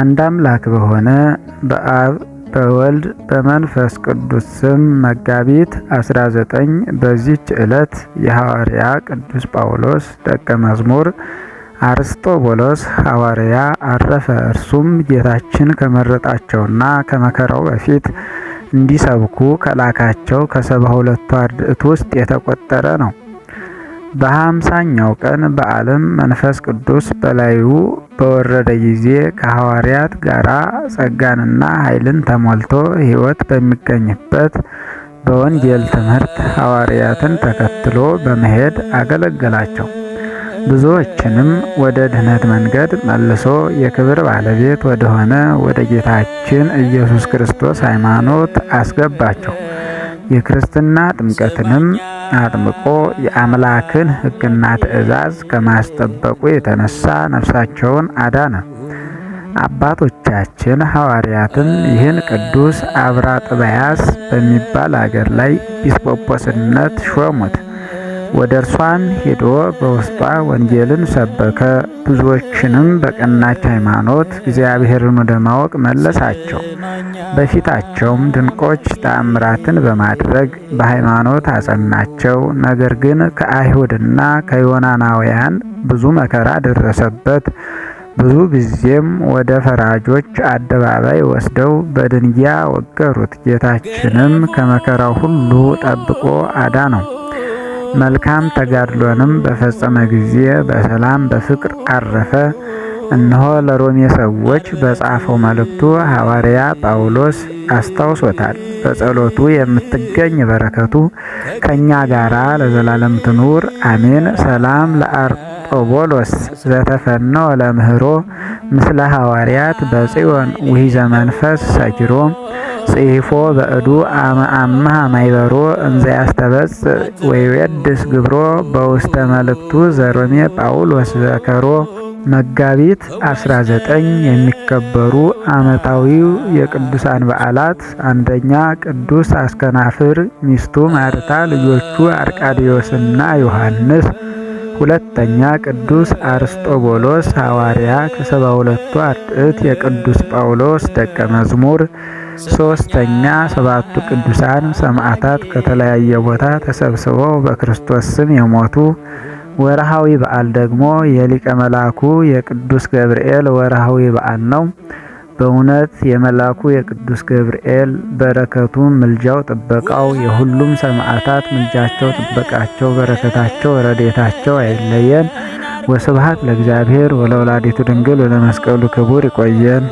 አንድ አምላክ በሆነ በአብ በወልድ በመንፈስ ቅዱስ ስም መጋቢት 19 በዚች ዕለት የሐዋርያ ቅዱስ ጳውሎስ ደቀ መዝሙር አርስጦቦሎስ ሐዋርያ አረፈ። እርሱም ጌታችን ከመረጣቸውና ከመከራው በፊት እንዲሰብኩ ከላካቸው ከሰባ ሁለቱ አርድእት ውስጥ የተቆጠረ ነው። በሀምሳኛው ቀን በዓለም መንፈስ ቅዱስ በላዩ በወረደ ጊዜ ከሐዋርያት ጋር ጸጋንና ኃይልን ተሞልቶ ሕይወት በሚገኝበት በወንጌል ትምህርት ሐዋርያትን ተከትሎ በመሄድ አገለገላቸው። ብዙዎችንም ወደ ድኅነት መንገድ መልሶ የክብር ባለቤት ወደሆነ ወደ ጌታችን ኢየሱስ ክርስቶስ ሃይማኖት አስገባቸው። የክርስትና ጥምቀትንም አጥምቆ የአምላክን ሕግና ትእዛዝ ከማስጠበቁ የተነሳ ነፍሳቸውን አዳነ። አባቶቻችን ሐዋርያትም ይህን ቅዱስ አብራጥባያስ በሚባል አገር ላይ ጲስቆጶስነት ሾሙት። ወደ እርሷም ሄዶ በውስጧ ወንጌልን ሰበከ። ብዙዎችንም በቀናች ሃይማኖት እግዚአብሔርን ወደ ማወቅ መለሳቸው። በፊታቸውም ድንቆች ተአምራትን በማድረግ በሃይማኖት አጸናቸው። ነገር ግን ከአይሁድና ከዮናናውያን ብዙ መከራ ደረሰበት። ብዙ ጊዜም ወደ ፈራጆች አደባባይ ወስደው በድንጊያ ወገሩት። ጌታችንም ከመከራው ሁሉ ጠብቆ አዳ ነው። መልካም ተጋድሎንም በፈጸመ ጊዜ በሰላም በፍቅር አረፈ። እነሆ ለሮሜ ሰዎች በጻፈው መልእክቱ ሐዋርያ ጳውሎስ አስታውሶታል። በጸሎቱ የምትገኝ በረከቱ ከእኛ ጋራ ለዘላለም ትኑር አሜን። ሰላም ለአርጦቦሎስ ዘተፈኖ ለምህሮ ምስለ ሐዋርያት በጽዮን ውሂ መንፈስ ሰኪሮ ጽሒፎ በእዱ አምሃ ማይበሮ እንዘያስተበጽእ ወይወድስ ግብሮ በውስተ መልእክቱ ዘሮሜ ጳውሎስ ዘከሮ። መጋቢት 19 የሚከበሩ ዓመታዊ የቅዱሳን በዓላት፣ አንደኛ ቅዱስ አስከናፍር፣ ሚስቱ ማርታ፣ ልጆቹ አርቃዲዮስና ዮሐንስ። ሁለተኛ ቅዱስ አርስጦቦሎስ ሐዋርያ ከሰባ ሁለቱ አርድእት የቅዱስ ጳውሎስ ደቀ መዝሙር ሶስተኛ ሰባቱ ቅዱሳን ሰማዕታት ከተለያየ ቦታ ተሰብስበው በክርስቶስ ስም የሞቱ። ወርሃዊ በዓል ደግሞ የሊቀ መላኩ የቅዱስ ገብርኤል ወርሃዊ በዓል ነው። በእውነት የመላኩ የቅዱስ ገብርኤል በረከቱ፣ ምልጃው፣ ጥበቃው የሁሉም ሰማዕታት ምልጃቸው፣ ጥበቃቸው፣ በረከታቸው፣ ረዴታቸው አይለየን። ወስብሐት ለእግዚአብሔር ወለወላዲቱ ድንግል ወለመስቀሉ ክቡር። ይቆየን።